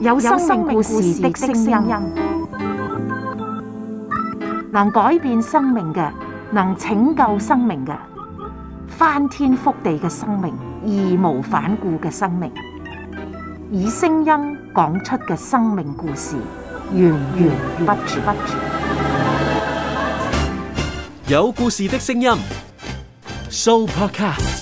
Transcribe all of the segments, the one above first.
有生命故事的聲音，能改變生命嘅，能拯救生命嘅，翻天覆地嘅生命，義無反顧嘅生命，以聲音講出嘅生命故事，源源不絕。有故事的聲音，Soul Podcast。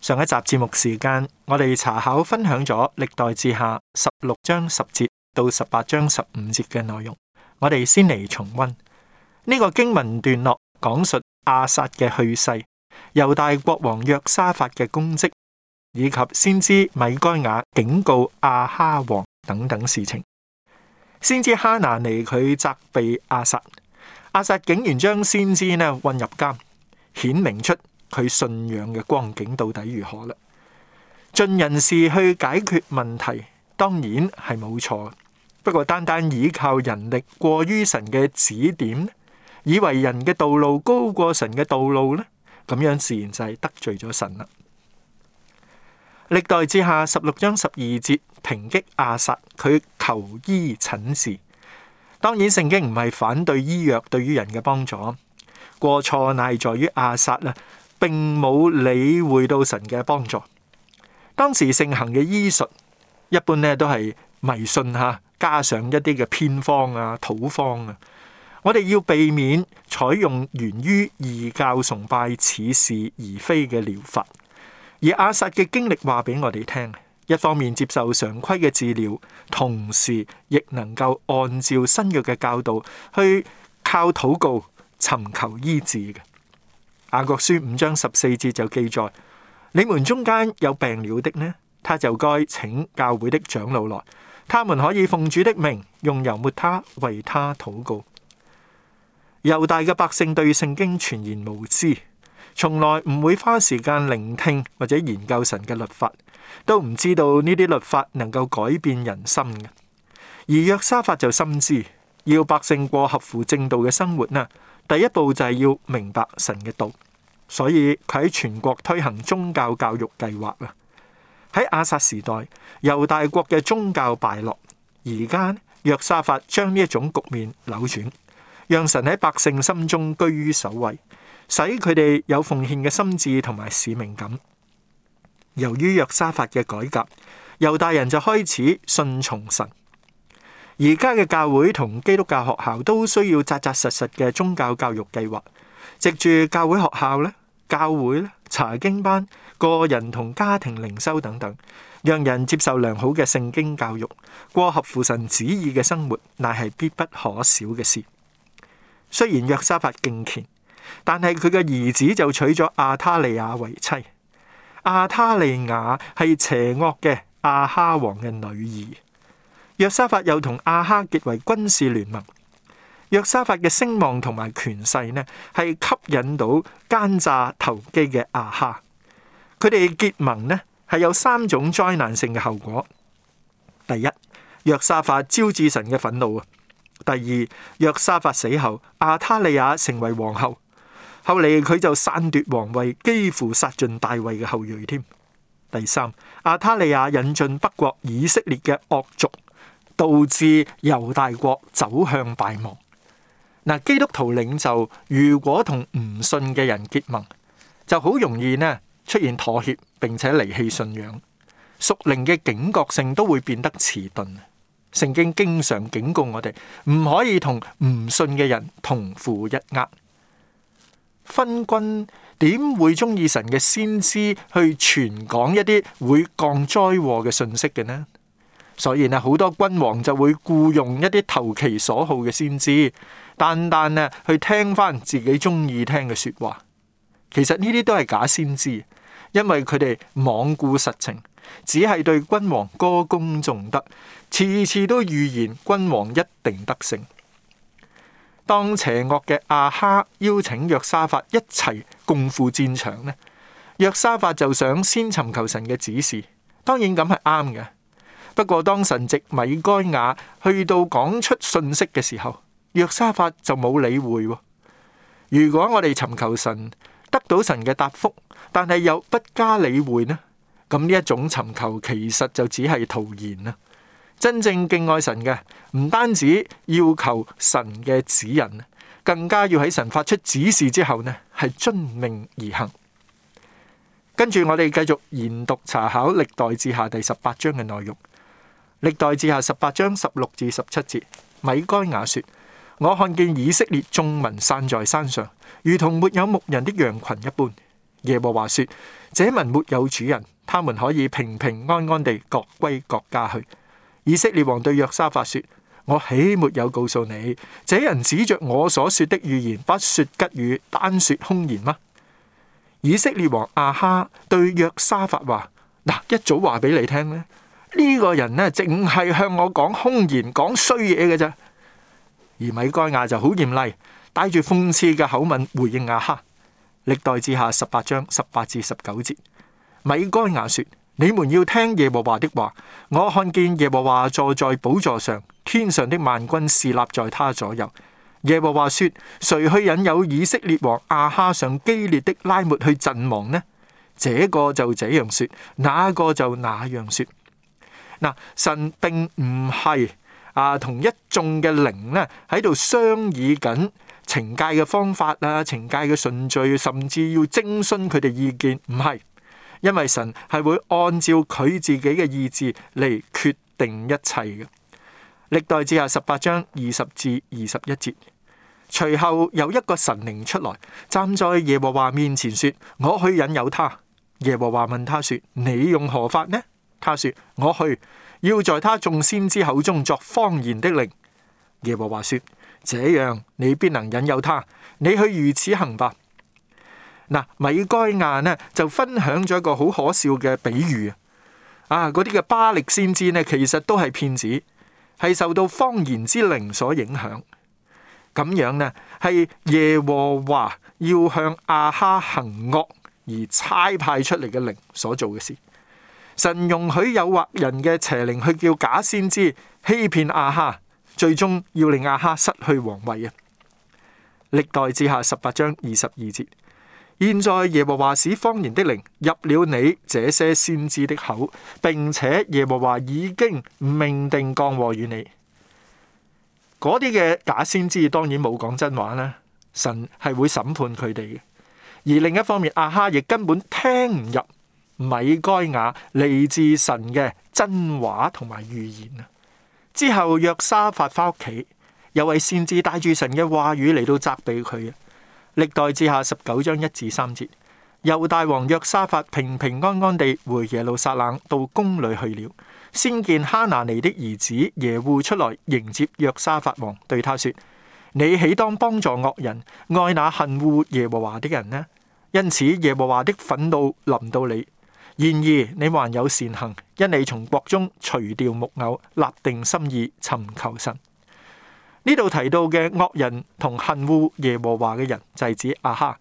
上一集節目時間，我哋查考分享咗歷代志下十六章十節到十八章十五節嘅內容。我哋先嚟重溫呢、這個經文段落，講述阿薩嘅去世、猶大國王約沙法嘅功績，以及先知米該雅警告阿哈王等等事情。先知哈拿尼佢責備阿薩，阿薩竟然將先知呢混入監，顯明出。佢信仰嘅光景到底如何啦？盡人事去解決問題，當然係冇錯。不過單單依靠人力過於神嘅指點，以為人嘅道路高過神嘅道路咧，咁樣自然就係得罪咗神啦。歷代志下十六章十二節，抨擊亞撒，佢求醫診治。當然，聖經唔係反對醫藥對於人嘅幫助，過錯乃在於亞撒啦。並冇理會到神嘅幫助。當時盛行嘅醫術，一般咧都係迷信吓、啊，加上一啲嘅偏方啊、土方啊。我哋要避免採用源於異教崇拜似是而非嘅療法。而阿薩嘅經歷話俾我哋聽，一方面接受常規嘅治療，同時亦能夠按照新約嘅教導去靠禱告尋求醫治嘅。雅各書五章十四節就記載：你們中間有病了的呢，他就該請教會的長老來，他們可以奉主的名用油抹他，為他禱告。猶大嘅百姓對聖經全然無知，從來唔會花時間聆聽或者研究神嘅律法，都唔知道呢啲律法能夠改變人心嘅。而約沙法就深知，要百姓過合乎正道嘅生活呢。第一步就係要明白神嘅道，所以佢喺全國推行宗教教育計劃啦。喺亞薩時代，猶大國嘅宗教敗落，而家約沙法將呢一種局面扭轉，讓神喺百姓心中居於首位，使佢哋有奉獻嘅心智同埋使命感。由於約沙法嘅改革，猶大人就開始順從神。而家嘅教會同基督教學校都需要扎扎實實嘅宗教教育計劃，藉住教會學校咧、教會咧、查經班、個人同家庭靈修等等，讓人接受良好嘅聖經教育，過合乎神旨意嘅生活，乃係必不可少嘅事。雖然約沙法敬虔，但係佢嘅兒子就娶咗亞他利亞為妻。亞他利亞係邪惡嘅亞哈王嘅女兒。約沙法又同亞哈結為軍事聯盟。約沙法嘅聲望同埋權勢呢，係吸引到奸詐投機嘅亞哈。佢哋結盟呢，係有三種災難性嘅後果。第一，約沙法招致神嘅憤怒啊。第二，約沙法死後，亞他利亞成為皇后。後嚟佢就篡奪皇位，幾乎殺盡大衛嘅後裔添。第三，亞他利亞引進北國以色列嘅惡族。導致猶大國走向敗亡。嗱，基督徒領袖如果同唔信嘅人結盟，就好容易呢，出現妥協，並且離棄信仰，屬靈嘅警覺性都會變得遲鈍。聖經經常警告我哋唔可以同唔信嘅人同負一軛。昏君點會中意神嘅先知去傳講一啲會降災禍嘅信息嘅呢？所以呢，好多君王就會僱傭一啲投其所好嘅先知，單單呢去聽翻自己中意聽嘅說話。其實呢啲都係假先知，因為佢哋罔顧實情，只係對君王歌功頌德，次次都預言君王一定得勝。當邪惡嘅亞哈邀請約沙法一齊共赴戰場呢，約沙法就想先尋求神嘅指示。當然咁係啱嘅。不過，當神藉米該雅去到講出信息嘅時候，約沙法就冇理會。如果我哋尋求神，得到神嘅答覆，但係又不加理會呢？咁呢一種尋求其實就只係徒然啦。真正敬愛神嘅，唔單止要求神嘅指引，更加要喺神發出指示之後呢，係遵命而行。跟住我哋繼續研讀查考歷代志下第十八章嘅內容。歷代志下十八章十六至十七節，米該雅說：我看見以色列眾民散在山上，如同沒有牧人的羊群一般。耶和華說：這民沒有主人，他們可以平平安安地各歸各家去。以色列王對約沙法說：我豈沒有告訴你，這人指着我所說的預言不說吉語，單說凶言嗎？以色列王亞哈對約沙法話：嗱，一早話俾你聽咧。呢個人呢淨係向我講空言講衰嘢嘅啫，而米該亞就好嚴厲，帶住諷刺嘅口吻回應亞哈。歷代志下十八章十八至十九節，米該亞說：你們要聽耶和華的話，我看見耶和華坐在寶座上，天上的萬軍侍立在他左右。耶和華說：誰去引誘以色列王亞哈上基列的拉末去陣亡呢？這個就這樣說，那個就那樣說。嗱，神並唔係啊同一眾嘅靈咧喺度商議緊懲戒嘅方法啊、懲戒嘅順序，甚至要徵詢佢哋意見，唔係，因為神係會按照佢自己嘅意志嚟決定一切嘅。歷代志下十八章二十至二十一節，隨後有一個神靈出來，站在耶和華面前，說：我去引誘他。耶和華問他說：你用何法呢？他說：我去，要在他眾先知口中作謊言的靈。耶和華說：這樣你必能引誘他。你去如此行吧。嗱，啊，米該亞呢就分享咗一個好可笑嘅比喻啊！嗰啲嘅巴力先知呢，其實都係騙子，係受到謊言之靈所影響。咁樣呢，係耶和華要向亞哈行惡而差派出嚟嘅靈所做嘅事。神容許誘惑人嘅邪靈去叫假先知欺騙亞哈，最終要令亞哈失去王位啊！歷代志下十八章二十二節，現在耶和華使謊言的靈入了你這些先知的口，並且耶和華已經命定降禍于你。嗰啲嘅假先知當然冇講真話啦，神係會審判佢哋嘅。而另一方面，亞哈亦根本聽唔入。米該雅嚟自神嘅真話同埋預言啊！之後約沙法翻屋企，又為先知帶住神嘅話語嚟到責備佢啊！歷代志下十九章一至三節，猶大王約沙法平平安安地回耶路撒冷到宮裏去了。先見哈拿尼的兒子耶戶出來迎接約沙法王，對他說：你豈當幫助惡人、愛那恨惡耶和華的人呢？因此耶和華的憤怒臨到你。然而你還有善行，因你從國中除掉木偶，立定心意尋求神。呢度提到嘅惡人同恨惡耶和華嘅人，就係、是、指亞哈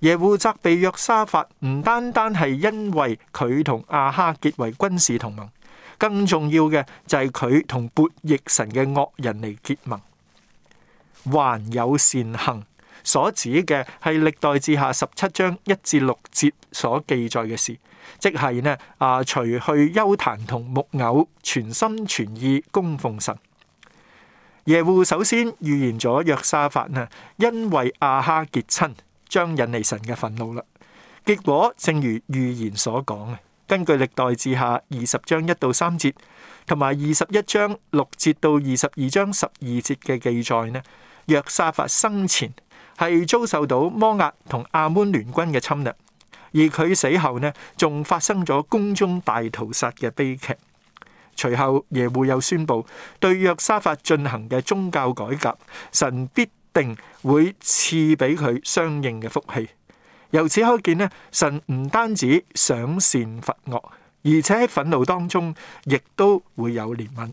耶戶，責備約沙法唔單單係因為佢同亞哈結為軍事同盟，更重要嘅就係佢同悖逆神嘅惡人嚟結盟。還有善行所指嘅係歷代志下十七章一至六節所記載嘅事。即係呢？啊，除去幽壇同木偶，全心全意供奉神。耶戶首先預言咗約沙法呢，因為亞哈結親，將引嚟神嘅憤怒啦。結果正如預言所講啊，根據歷代志下二十章一到三節，同埋二十一章六節到二十二章十二節嘅記載呢，約沙法生前係遭受到摩押同亞捫聯軍嘅侵略。而佢死後呢，仲發生咗宮中大屠殺嘅悲劇。隨後耶和華又宣布對約沙法進行嘅宗教改革，神必定會賜俾佢相應嘅福氣。由此可見呢，神唔單止賞善罰惡，而且喺憤怒當中亦都會有憐憫。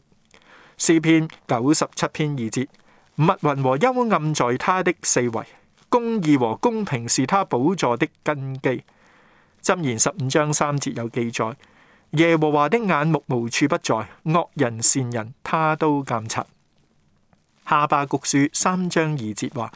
詩篇九十七篇二節：密雲和幽暗在他的四圍，公義和公平是他寶座的根基。箴言十五章三節有記載，耶和華的眼目無處不在，惡人善人他都鑒察。哈巴谷書三章二節話：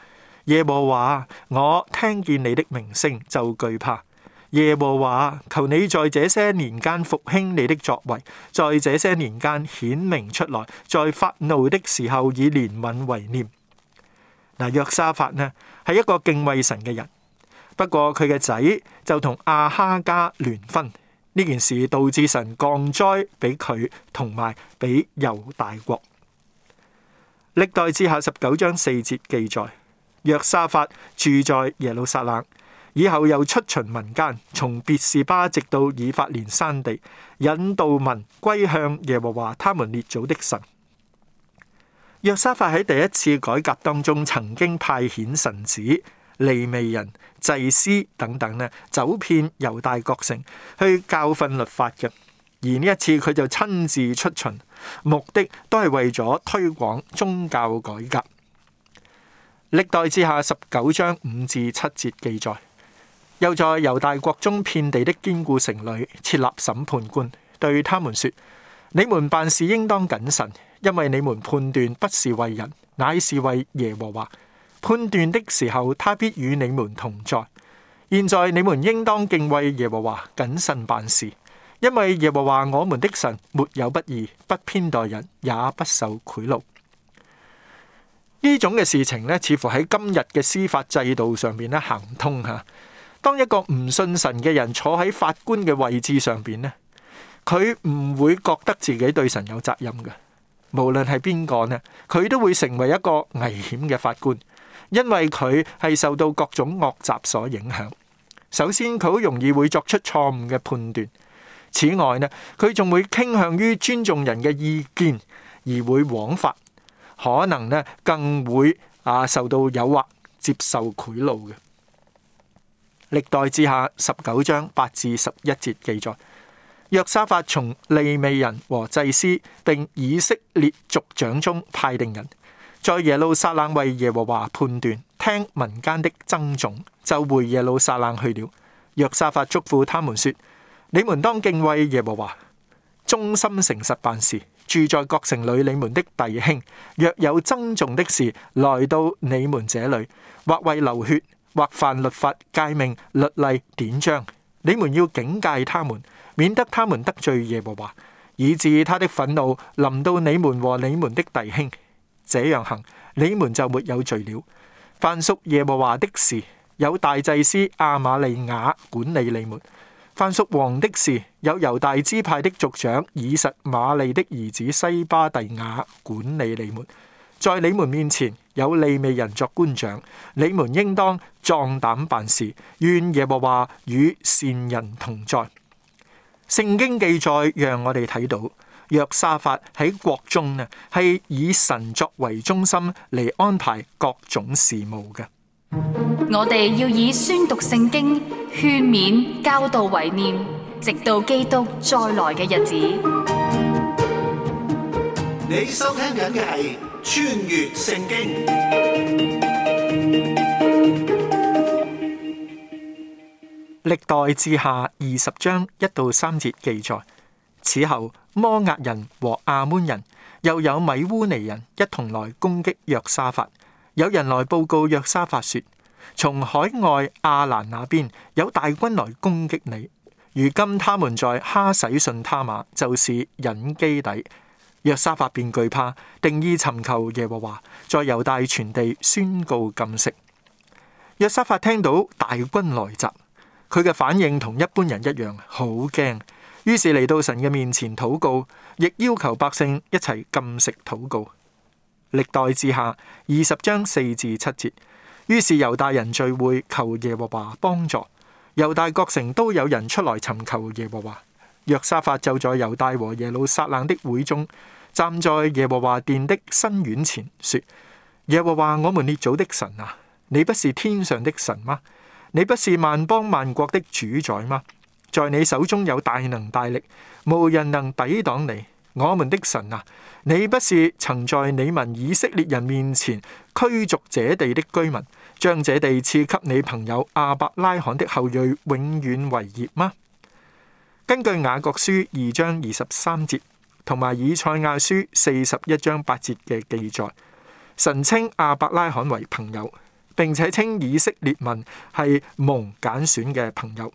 耶和華，我聽見你的名聲就懼怕。耶和華，求你在這些年間復興你的作為，在這些年間顯明出來，在發怒的時候以憐憫為念。嗱，約沙法呢係一個敬畏神嘅人。不過佢嘅仔就同亞哈家聯婚，呢件事導致神降災俾佢同埋俾猶大國。歷代志下十九章四節記載，約沙法住在耶路撒冷，以後又出巡民間，從別是巴直到以法蓮山地，引導民歸向耶和華他們列祖的神。約沙法喺第一次改革當中曾經派遣臣子。利未人、祭司等等呢，走遍猶大各城，去教訓律法嘅。而呢一次佢就親自出巡，目的都係為咗推廣宗教改革。歷代志下十九章五至七節記載，又在猶大國中遍地的堅固城裏設立審判官，對他們說：你們辦事應當謹慎，因為你們判斷不是為人，乃是為耶和華。判斷的時候，他必與你們同在。現在你們應當敬畏耶和華，謹慎辦事，因為耶和華我們的神沒有不義，不偏待人，也不受賄賂。呢種嘅事情呢，似乎喺今日嘅司法制度上邊咧行唔通吓。當一個唔信神嘅人坐喺法官嘅位置上邊咧，佢唔會覺得自己對神有責任嘅。無論係邊個呢，佢都會成為一個危險嘅法官。因為佢係受到各種惡習所影響，首先佢好容易會作出錯誤嘅判斷。此外呢，佢仲會傾向於尊重人嘅意見而會枉法，可能呢更會啊受到誘惑接受賄賂嘅。歷代志下十九章八至十一節記載，約沙法從利未人和祭司並以色列族長中派定人。在耶路撒冷為耶和華判斷，聽民間的爭訟，就回耶路撒冷去了。約沙法囑咐他們說：你們當敬畏耶和華，忠心誠實辦事。住在各城裏你們的弟兄，若有爭訟的事來到你們這裏，或為流血，或犯律法、誡命、律例、典章，你們要警戒他們，免得他們得罪耶和華，以致他的憤怒臨到你們和你們的弟兄。這樣行，你們就沒有罪了。凡屬耶和華的事，有大祭司亞瑪利雅管理你們；凡屬王的事，有猶大支派的族長以實瑪利的兒子西巴第雅管理你們。在你們面前有利未人作官長，你們應當壯膽辦事，願耶和華與善人同在。聖經記載讓我哋睇到。約沙法喺國中啊，係以神作為中心嚟安排各種事務嘅。我哋要以宣讀聖經、勸勉、教導為念，直到基督再來嘅日子。你收聽緊嘅係《穿越聖經》，歷代志下二十章一到三節記載。此後，摩押人和亞捫人，又有米烏尼人一同來攻擊約沙法。有人來報告約沙法說：從海外亞蘭那邊有大軍來攻擊你。如今他們在哈洗遜他瑪，就是隱基底。約沙法便懼怕，定意尋求耶和華，在猶大全地宣告禁食。約沙法聽到大軍來襲，佢嘅反應同一般人一樣，好驚。於是嚟到神嘅面前禱告，亦要求百姓一齊禁食禱告。歷代志下二十章四至七節。於是猶大人聚會求耶和華幫助，猶大各城都有人出來尋求耶和華。約沙法就在猶大和耶路撒冷的會中，站在耶和華殿的新院前說：耶和華我們列祖的神啊，你不是天上的神嗎？你不是萬邦萬國的主宰嗎？在你手中有大能大力，無人能抵擋你。我們的神啊，你不是曾在你民以色列人面前驅逐這地的居民，將這地賜給你朋友亞伯拉罕的後裔永遠為業嗎？根據雅各書二章二十三節，同埋以賽亞書四十一章八節嘅記載，神稱亞伯拉罕為朋友，並且稱以色列民係蒙揀選嘅朋友。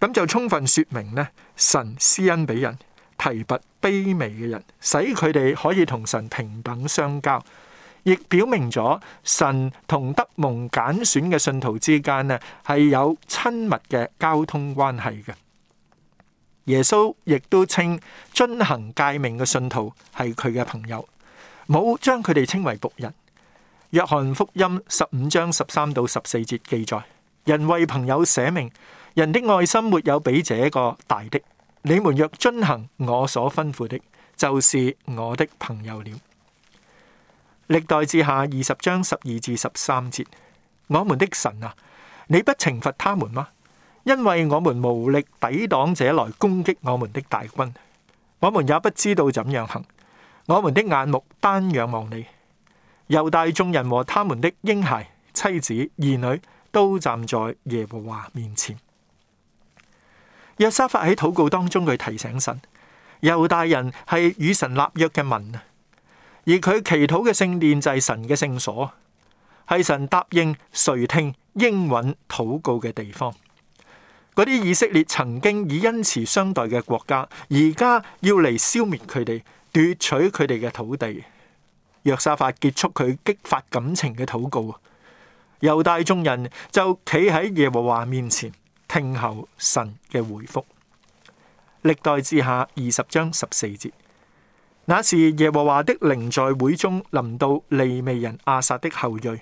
咁就充分說明咧，神施恩俾人，提拔卑微嘅人，使佢哋可以同神平等相交，亦表明咗神同得蒙揀選嘅信徒之間呢係有親密嘅交通關係嘅。耶穌亦都稱遵行誡命嘅信徒係佢嘅朋友，冇將佢哋稱為僕人。約翰福音十五章十三到十四節記載，人為朋友寫命。人的愛心沒有比這個大的。你們若遵行我所吩咐的，就是我的朋友了。歷代志下二十章十二至十三節：我們的神啊，你不懲罰他們嗎？因為我們無力抵擋這來攻擊我們的大軍，我們也不知道怎樣行。我們的眼目單仰望你。猶大眾人和他們的嬰孩、妻子、兒女都站在耶和華面前。約沙法喺禱告當中，佢提醒神：猶大人係與神立約嘅民，而佢祈禱嘅聖殿就係神嘅聖所，係神答應垂聽應允禱告嘅地方。嗰啲以色列曾經以恩慈相待嘅國家，而家要嚟消滅佢哋，奪取佢哋嘅土地。約沙法結束佢激發感情嘅禱告，猶大眾人就企喺耶和華面前。聽候神嘅回覆。歷代志下二十章十四節，那是耶和華的靈在會中臨到利未人亞薩的後裔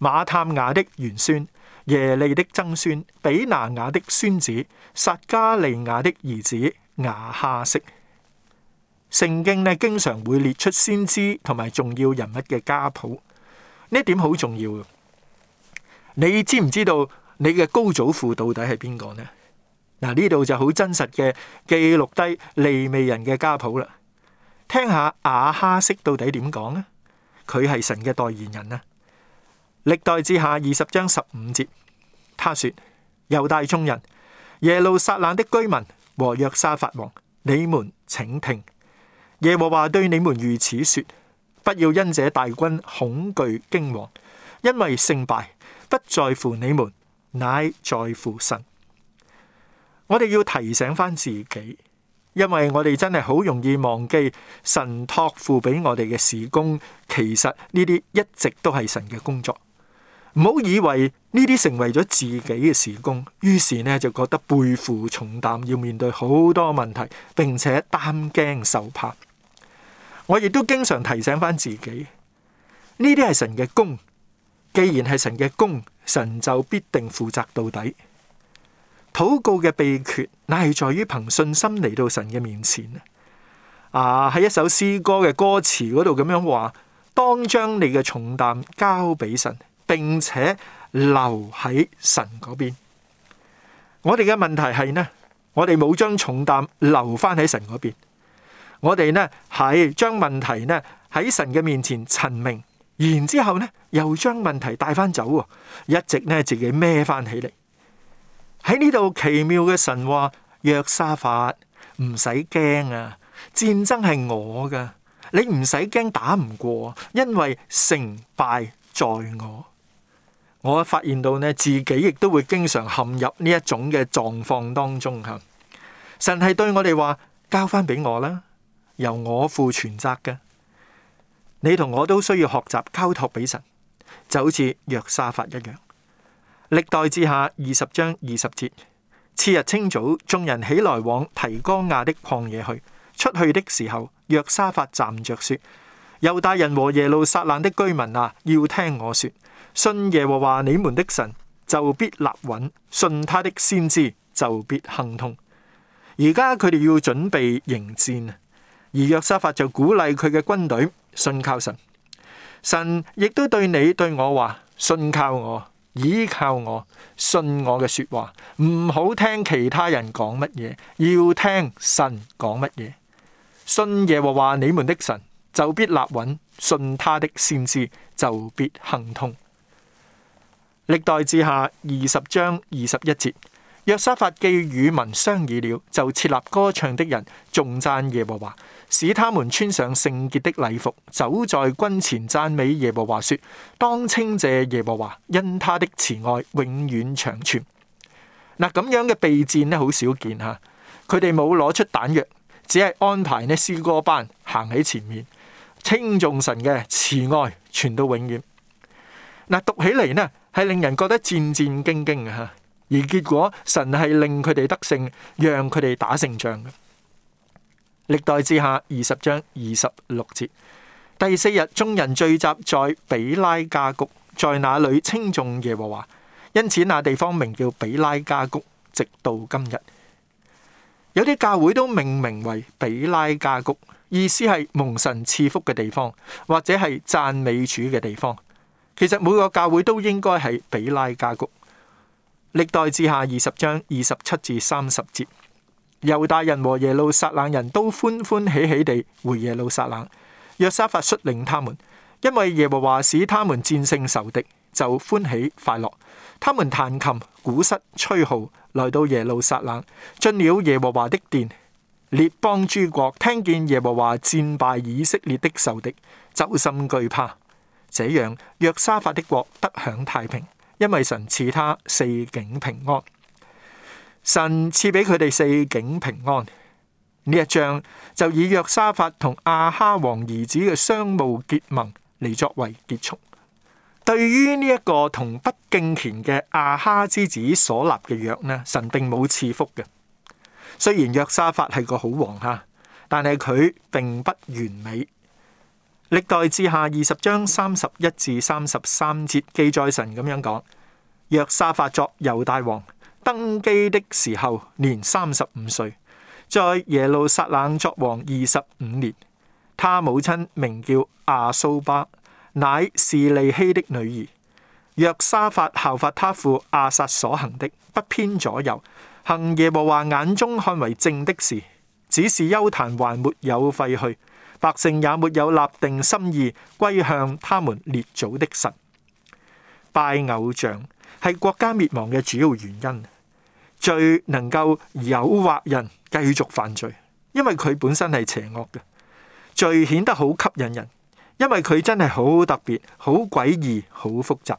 馬探雅的玄孫耶利的曾孫比拿雅的孫子撒迦利雅的兒子雅哈悉。聖經呢，經常會列出先知同埋重要人物嘅家譜，呢一點好重要。你知唔知道？你嘅高祖父到底係邊個呢？嗱，呢度就好真實嘅記錄低利未人嘅家譜啦。聽下阿哈色到底點講呢？佢係神嘅代言人啊！歷代志下二十章十五節，他說：猶大眾人、耶路撒冷的居民和約沙法王，你們請聽，耶和華對你們如此說：不要因這大軍恐懼驚惶、惶，因為勝敗不在乎你們。乃在乎神，我哋要提醒翻自己，因為我哋真係好容易忘記神託付俾我哋嘅事工，其實呢啲一直都係神嘅工作。唔好以為呢啲成為咗自己嘅事工，於是呢，就覺得背負重擔，要面對好多問題，並且擔驚受怕。我亦都經常提醒翻自己，呢啲係神嘅工，既然係神嘅工。神就必定負責到底。禱告嘅秘訣，乃係在於憑信心嚟到神嘅面前。啊，喺一首詩歌嘅歌詞嗰度咁樣話：當將你嘅重擔交俾神，並且留喺神嗰邊。我哋嘅問題係呢，我哋冇將重擔留翻喺神嗰邊。我哋呢係將問題呢喺神嘅面前陳明。然之後咧，又將問題帶翻走一直咧自己孭翻起嚟。喺呢度奇妙嘅神話，約沙法唔使驚啊！戰爭係我噶，你唔使驚打唔過，因為成敗在我。我發現到咧，自己亦都會經常陷入呢一種嘅狀況當中啊！神係對我哋話：交翻俾我啦，由我負全責嘅。你同我都需要學習交託俾神，就好似約沙法一樣。歷代志下二十章二十節：次日清早，眾人起來往提哥亞的曠野去。出去的時候，約沙法站着說：猶大人和耶路撒冷的居民啊，要聽我說，信耶和華你們的神，就必立穩；信他的先知，就必亨通。」而家佢哋要準備迎戰，而約沙法就鼓勵佢嘅軍隊。信靠神，神亦都對你對我話：信靠我，倚靠我，信我嘅說話，唔好聽其他人講乜嘢，要聽神講乜嘢。信耶和華你們的神，就必立穩；信他的善事，就必行通。歷代志下二十章二十一節：若沙法既與民商議了，就設立歌唱的人，仲讚耶和華。使他們穿上聖潔的禮服，走在軍前讚美耶和華，說：當稱謝耶和華，因他的慈愛永遠長存。嗱，咁樣嘅備戰呢，好少見吓。佢哋冇攞出彈藥，只係安排呢詩歌班行喺前面，稱頌神嘅慈愛，傳到永遠。嗱，讀起嚟呢係令人覺得戰戰兢兢嘅吓，而結果神係令佢哋得勝，讓佢哋打勝仗嘅。歷代志下二十章二十六節，第四日眾人聚集在比拉加谷，在那裏稱頌耶和華，因此那地方名叫比拉加谷，直到今日。有啲教會都命名為比拉加谷，意思係蒙神賜福嘅地方，或者係讚美主嘅地方。其實每個教會都應該係比拉加谷。歷代志下二十章二十七至三十節。猶大人和耶路撒冷人都歡歡喜喜地回耶路撒冷。約沙法率領他們，因為耶和華使他們戰勝仇敵，就歡喜快樂。他們彈琴、鼓瑟、吹號，來到耶路撒冷，進了耶和華的殿。列邦諸國聽見耶和華戰敗以色列的仇敵，就甚懼怕。這樣，約沙法的國得享太平，因為神賜他四境平安。神賜俾佢哋四境平安。呢一章就以約沙法同阿哈王兒子嘅商務結盟嚟作為結束。對於呢一個同不敬虔嘅阿哈之子所立嘅約呢，神並冇賜福嘅。雖然約沙法係個好王吓，但係佢並不完美。歷代志下二十章三十一至三十三節記載神咁樣講：約沙法作猶大王。.登基的時候年三十五歲，在耶路撒冷作王二十五年。他母親名叫阿蘇巴，乃是利希的女兒。約沙法效法他父亞撒所行的，不偏左右，行耶和華眼中看為正的事。只是幽壇還沒有廢去，百姓也沒有立定心意歸向他們列祖的神，拜偶像係國家滅亡嘅主要原因。罪能夠誘惑人繼續犯罪，因為佢本身係邪惡嘅，罪顯得好吸引人，因為佢真係好特別、好詭異、好複雜。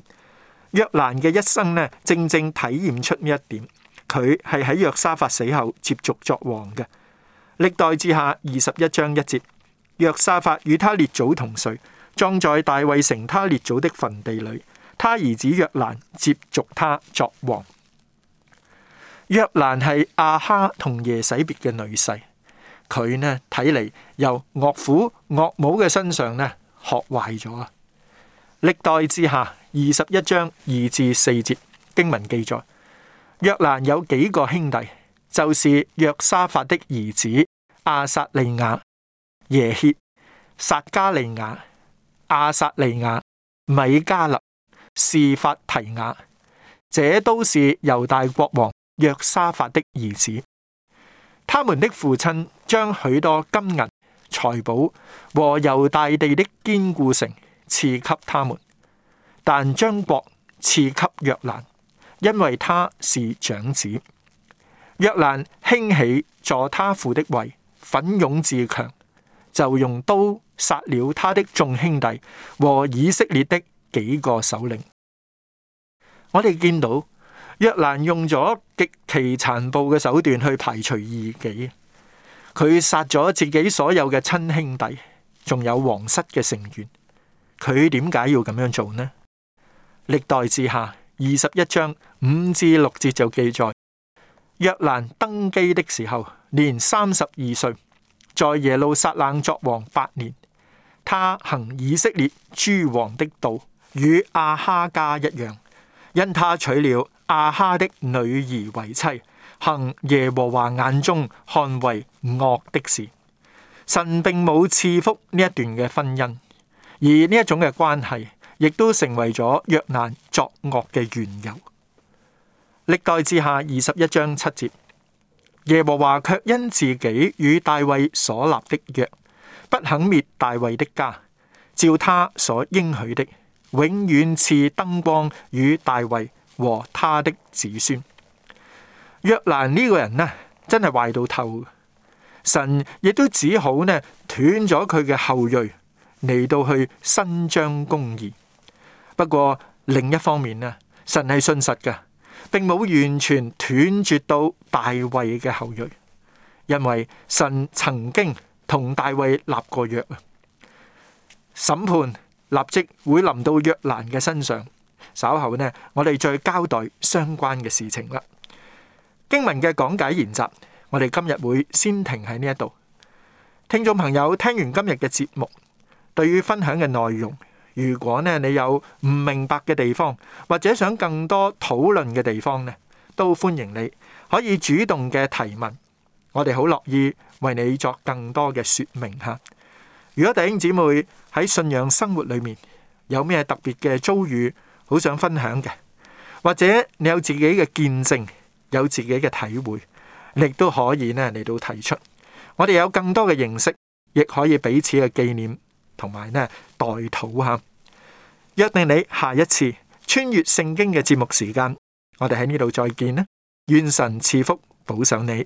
約蘭嘅一生呢，正正體驗出呢一點。佢係喺約沙法死後接續作王嘅。歷代志下二十一章一節：約沙法與他列祖同睡，葬在大衛城他列祖的墳地裏。他兒子約蘭接續他作王。約蘭係阿哈同耶洗別嘅女婿，佢呢睇嚟，由岳父岳母嘅身上呢，學壞咗啊！歷代志下二十一章二至四節經文記載，約蘭有幾個兄弟，就是約沙法的兒子阿撒利雅、耶歇、撒加利雅、阿撒利雅、米加勒、示法提雅，這都是猶大國王。約沙法的兒子，他們的父親將許多金銀財寶和猶大地的堅固城賜給他們，但將國賜給約蘭，因為他是長子。約蘭興起坐他父的位，奮勇自強，就用刀殺了他的眾兄弟和以色列的幾個首領。我哋見到。約蘭用咗極其殘暴嘅手段去排除異己，佢殺咗自己所有嘅親兄弟，仲有皇室嘅成員。佢點解要咁樣做呢？歷代志下二十一章五至六節就記載：約蘭登基的時候年三十二歲，在耶路撒冷作王八年。他行以色列諸王的道，與亞哈家一樣，因他娶了。亞哈的女兒為妻，行耶和華眼中看為惡的事。神並冇賜福呢一段嘅婚姻，而呢一種嘅關係，亦都成為咗約難作惡嘅緣由。歷代志下二十一章七節，耶和華卻因自己與大衛所立的約，不肯滅大衛的家，照他所應許的，永遠賜燈光與大衛。和他的子孫，約蘭呢個人呢，真係壞到透。神亦都只好呢斷咗佢嘅後裔嚟到去伸張公義。不過另一方面呢，神係信實嘅，並冇完全斷絕到大衛嘅後裔，因為神曾經同大衛立過約啊。審判立即會臨到約蘭嘅身上。稍後呢，我哋再交代相關嘅事情啦。經文嘅講解研習，我哋今日會先停喺呢一度。聽眾朋友聽完今日嘅節目，對於分享嘅內容，如果呢你有唔明白嘅地方，或者想更多討論嘅地方呢，都歡迎你可以主動嘅提問，我哋好樂意為你作更多嘅說明吓。如果弟兄姊妹喺信仰生活裏面有咩特別嘅遭遇，好想分享嘅，或者你有自己嘅見證，有自己嘅體會，亦都可以咧嚟，到提出。我哋有更多嘅認識，亦可以彼此嘅紀念，同埋咧代禱吓。約定你下一次穿越聖經嘅節目時間，我哋喺呢度再見啦。願神賜福保守你。